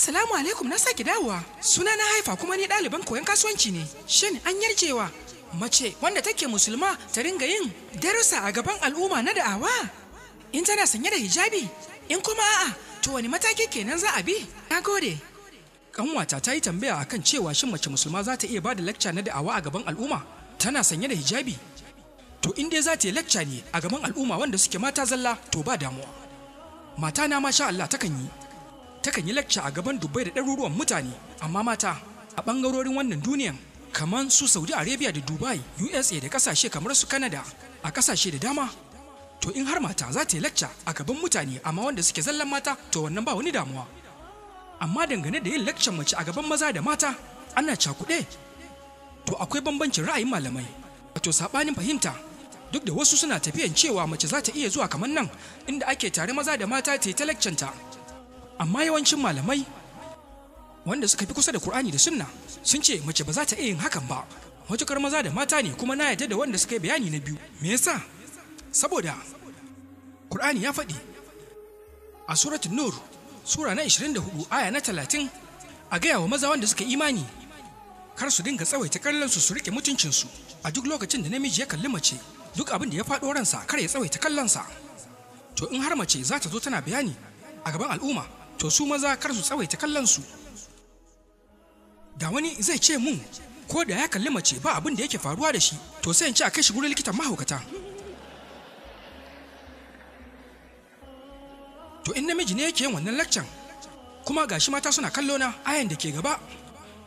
Assalamu alaikum na sake dawowa. Suna na haifa kuma ni ɗaliban koyon kasuwanci ne. Shin an yarjewa mace wanda take musulma ta ringa yin darussa a gaban al'umma na da'awa? In tana sanye da hijabi? In kuma a'a, to wani mataki kenan za a bi? Na gode. Kanwata ta yi tambaya akan cewa shin mace musulma za ta iya ba da lacca na da'awa a gaban al'umma? Tana sanye da hijabi? To in dai za ta yi lacca ne a gaban al'umma wanda suke mata zalla to ba damuwa. Mata na masha Allah takan yi. takan yi lacca a gaban Dubai da ɗaruruwan mutane, amma mata a ɓangarorin wannan duniyan kamar su Saudi Arabia da Dubai, USA da ƙasashe kamar su Canada a ƙasashe da dama. To in har mata za ta yi lacca a gaban mutane amma wanda suke zallan mata to wannan ba wani damuwa. Amma dangane da yin laccan mace a gaban maza da mata ana cakuɗe. To akwai bambancin ra'ayin malamai, wato saɓanin fahimta duk da wasu suna tafiyan cewa mace za ta iya zuwa kamar nan inda ake tare maza da mata ta yi ta lakcanta. amma yawancin malamai wanda suka fi kusa da Kur'ani da Sunna sun ce mace ba za ta iya yin hakan ba matukar maza da mata ne kuma na yarda da wanda suka yi bayani na biyu me yasa saboda Kur'ani ya faɗi a suratul nur sura na 24 aya na 30 a gaya wa maza wanda suka imani kar su dinga tsawaita kallon su su rike mutuncin su a duk lokacin da namiji ya kalli mace duk abin da ya faɗo ransa kar ya tsawaita kallon sa to in har mace za ta zo tana bayani a gaban al'umma to su maza kar su tsawaita kallon su. da wani zai ce mun ko da ya kalli mace ba abin da yake faruwa da shi to sai in ci a kai shi gurin likitan mahaukata to in namiji ne yake yin wannan laccan kuma gashi mata suna kallo na ayan da ke gaba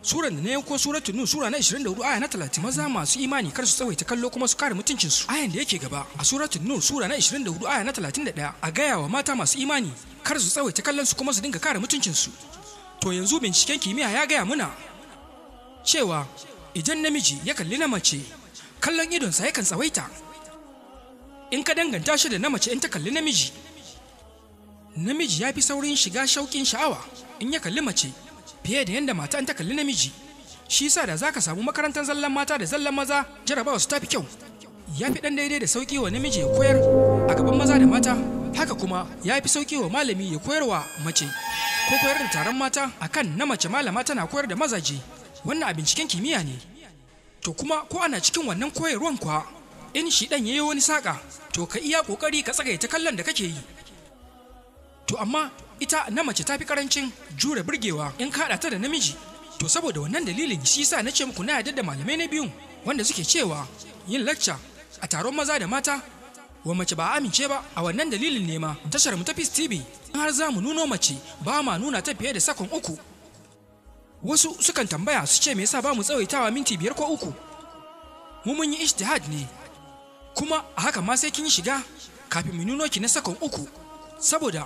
surar da na ko suratu nun sura na 24 aya na 30 maza masu imani kar su tsawaita kallo kuma su kare mutuncin su ayan da yake gaba a suratu nun sura na 24 aya na 31 a gaya wa mata masu imani kar su tsawaita kallon su kuma su dinga kare mutuncin su to yanzu binciken kimiyya ya gaya muna cewa idan namiji ya kalli na mace kallon idonsa yakan tsawaita in ka danganta shi da na mace in ta kalli namiji namiji ya fi saurin shiga shauƙin sha'awa in ya kalli mace fiye da yadda mata an ta kalli namiji shi sa da zaka samu makarantar zallan mata da zallan maza jarabawa su tafi kyau ya fi dan daidai da sauki wa namiji ya koyar a gaban maza da mata haka kuma ya fi sauki wa malami ya koyar wa mace ko koyar da taron mata akan na mace malama tana koyar da mazaje wannan a binciken kimiyya ne to kuma ko ana cikin wannan koyarwan kwa in shi dan yayi wani saka to ka iya kokari ka tsagaita kallon da kake yi to amma ita na mace ta fi karancin jure burgewa in kaɗa ta da namiji to saboda wannan dalilin shi sa na ce muku na yarda da malamai na biyun wanda suke cewa yin lacca a taron maza da mata wa mace ba amince ba a wannan dalilin ne ma tashar mu ta fis TV har za mu nuno mace ba ma nuna ta fiye da sakon uku wasu sukan tambaya su ce me yasa ba mu tsawaitawa minti biyar ko uku mu mun yi ijtihad ne kuma a haka ma sai kin shiga kafin mu nuno ki na sakon uku saboda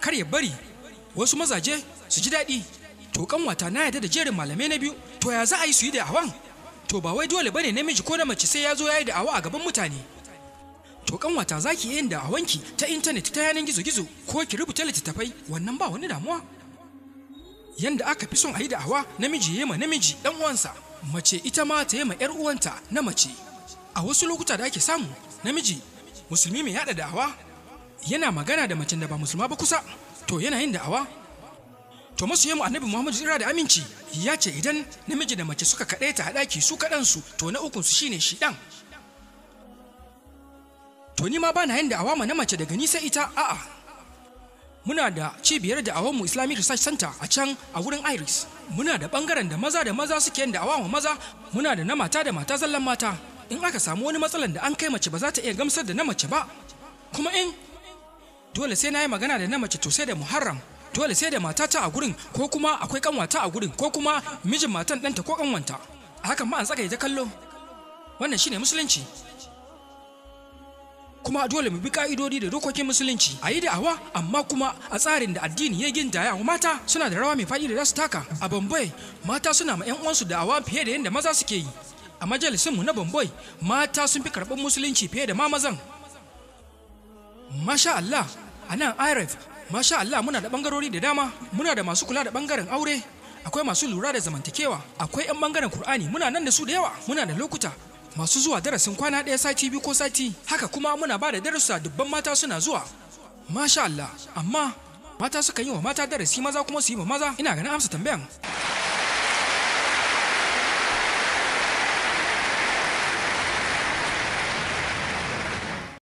kar ya bari wasu mazaje su ji daɗi to kanwata na yarda da jerin malamai na biyu to ya za a yi su yi da awan to ba wai dole bane namiji ko da mace sai ya zo ya yi da awa a gaban mutane to kanwata za ki yin da awanki ta intanet ta yanar gizo-gizo ko ki rubuta littattafai wannan ba wani damuwa yanda aka fi son a yi da awa namiji ya ma namiji dan uwansa mace ita ma ta yi ma yar uwanta na mace a wasu lokuta da ake samu namiji musulmi mai yada da'awa yana magana da macen da ba musulma ba kusa to yana yin da'awa to masoyin annabi muhammadu tsira da aminci ya ce idan namiji da mace suka kaɗai ta haɗaki su kaɗansu to na ukunsu shine shi ɗan to ni ma ba na yin da'awa ma na mace daga nisa ita a'a muna da cibiyar da'awar mu islamic research center a can a wurin iris muna da bangaren da maza da maza suke yin da'awa ma maza muna da na mata da mata zallan mata in aka samu wani matsalan da an kai mace ba za ta iya gamsar da na mace ba kuma in dole sai na yi magana da na mace to sai da muharram dole sai da matata a gurin ko kuma akwai kanwata a gurin ko kuma mijin matan ɗanta ko kanwanta hakan ma an tsaka ta kallo wannan shine musulunci kuma dole mu bi ka'idodi da dokokin musulunci a yi da awa amma kuma a tsarin da addini ya gindaya mata suna da rawa mai faɗi da za taka a bambai mata suna ma 'yan uwansu da awa fiye da yadda maza suke yi a majalisin mu na bambai mata sun fi karɓar musulunci fiye da ma mazan masha Allah a nan irf masha allah muna da bangarori da dama muna da masu kula da bangaren aure akwai masu lura da zamantakewa akwai 'yan bangaren kur'ani muna nan da su da yawa muna da lokuta masu zuwa darasin kwana ɗaya sati biyu ko sati haka kuma muna ba da darussa dubban mata suna zuwa masha allah amma mata suka yi wa mata darasi maza kuma su yi wa maza ina ganin amsa tambayan